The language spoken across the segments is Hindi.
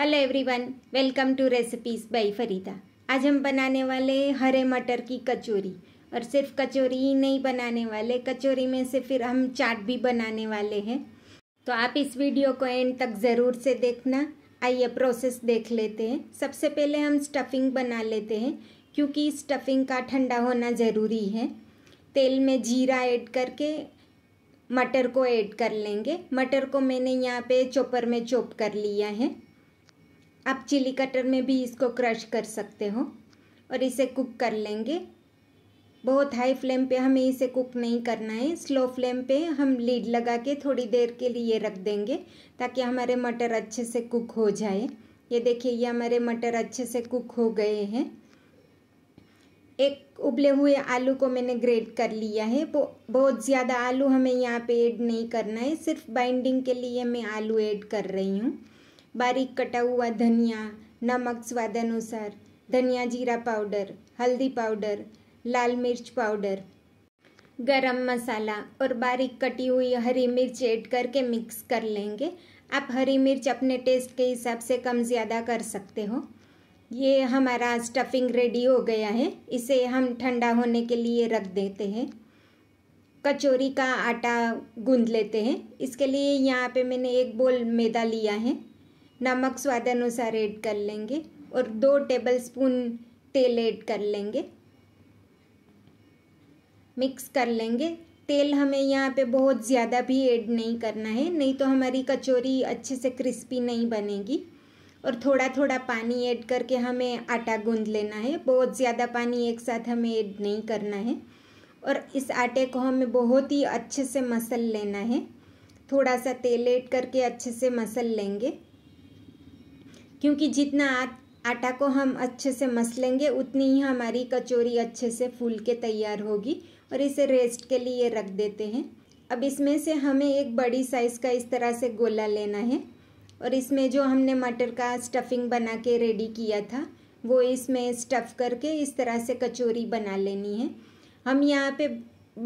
hello everyone welcome to recipes by Farida आज हम बनाने वाले हरे मटर की कचौरी और सिर्फ कचौरी ही नहीं बनाने वाले कचौरी में से फिर हम चाट भी बनाने वाले हैं तो आप इस वीडियो को एंड तक ज़रूर से देखना आइए प्रोसेस देख लेते हैं सबसे पहले हम स्टफिंग बना लेते हैं क्योंकि स्टफिंग का ठंडा होना ज़रूरी है तेल में जीरा ऐड करके मटर को ऐड कर लेंगे मटर को मैंने यहाँ पे चॉपर में चॉप कर लिया है आप चिली कटर में भी इसको क्रश कर सकते हो और इसे कुक कर लेंगे बहुत हाई फ्लेम पे हमें इसे कुक नहीं करना है स्लो फ्लेम पे हम लीड लगा के थोड़ी देर के लिए रख देंगे ताकि हमारे मटर अच्छे से कुक हो जाए ये देखिए ये हमारे मटर अच्छे से कुक हो गए हैं एक उबले हुए आलू को मैंने ग्रेट कर लिया है बहुत ज़्यादा आलू हमें यहाँ पे ऐड नहीं करना है सिर्फ बाइंडिंग के लिए मैं आलू ऐड कर रही हूँ बारीक कटा हुआ धनिया नमक स्वाद अनुसार धनिया जीरा पाउडर हल्दी पाउडर लाल मिर्च पाउडर गरम मसाला और बारीक कटी हुई हरी मिर्च ऐड करके मिक्स कर लेंगे आप हरी मिर्च अपने टेस्ट के हिसाब से कम ज़्यादा कर सकते हो ये हमारा स्टफिंग रेडी हो गया है इसे हम ठंडा होने के लिए रख देते हैं कचौरी का आटा गूंद लेते हैं इसके लिए यहाँ पे मैंने एक बोल मैदा लिया है नमक स्वाद अनुसार ऐड कर लेंगे और दो टेबल स्पून तेल ऐड कर लेंगे मिक्स कर लेंगे तेल हमें यहाँ पे बहुत ज़्यादा भी ऐड नहीं करना है नहीं तो हमारी कचौरी अच्छे से क्रिस्पी नहीं बनेगी और थोड़ा थोड़ा पानी ऐड करके हमें आटा गूंद लेना है बहुत ज़्यादा पानी एक साथ हमें ऐड नहीं करना है और इस आटे को हमें बहुत ही अच्छे से मसल लेना है थोड़ा सा तेल ऐड करके अच्छे से मसल लेंगे क्योंकि जितना आटा को हम अच्छे से मस लेंगे उतनी ही हमारी कचौरी अच्छे से फूल के तैयार होगी और इसे रेस्ट के लिए रख देते हैं अब इसमें से हमें एक बड़ी साइज़ का इस तरह से गोला लेना है और इसमें जो हमने मटर का स्टफिंग बना के रेडी किया था वो इसमें स्टफ़ करके इस तरह से कचौरी बना लेनी है हम यहाँ पे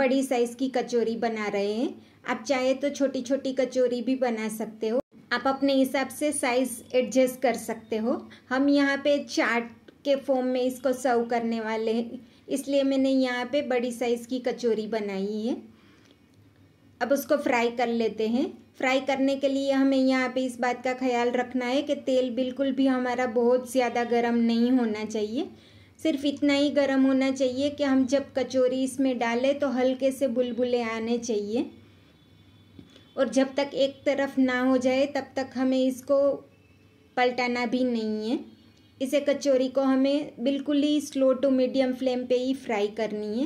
बड़ी साइज़ की कचौरी बना रहे हैं आप चाहे तो छोटी छोटी कचौरी भी बना सकते हो आप अपने हिसाब से साइज़ एडजस्ट कर सकते हो हम यहाँ पे चाट के फॉर्म में इसको सर्व करने वाले हैं इसलिए मैंने यहाँ पे बड़ी साइज़ की कचौरी बनाई है अब उसको फ्राई कर लेते हैं फ्राई करने के लिए हमें यहाँ पे इस बात का ख्याल रखना है कि तेल बिल्कुल भी हमारा बहुत ज़्यादा गर्म नहीं होना चाहिए सिर्फ इतना ही गर्म होना चाहिए कि हम जब कचोरी इसमें डालें तो हल्के से बुलबुले आने चाहिए और जब तक एक तरफ ना हो जाए तब तक हमें इसको पलटाना भी नहीं है इसे कचौरी को हमें बिल्कुल ही स्लो टू मीडियम फ्लेम पे ही फ्राई करनी है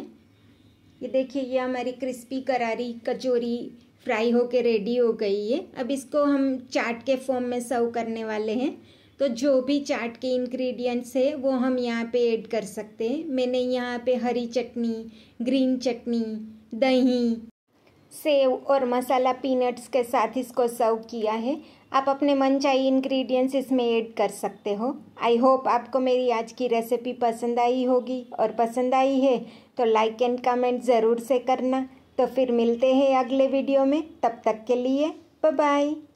ये देखिए ये हमारी क्रिस्पी करारी कचौरी फ्राई होके रेडी हो गई है अब इसको हम चाट के फॉर्म में सर्व करने वाले हैं तो जो भी चाट के इंग्रेडिएंट्स है वो हम यहाँ पे ऐड कर सकते हैं मैंने यहाँ पे हरी चटनी ग्रीन चटनी दही सेव और मसाला पीनट्स के साथ इसको सर्व किया है आप अपने मनचाही इंग्रेडिएंट्स इसमें ऐड कर सकते हो आई होप आपको मेरी आज की रेसिपी पसंद आई होगी और पसंद आई है तो लाइक एंड कमेंट ज़रूर से करना तो फिर मिलते हैं अगले वीडियो में तब तक के लिए बाय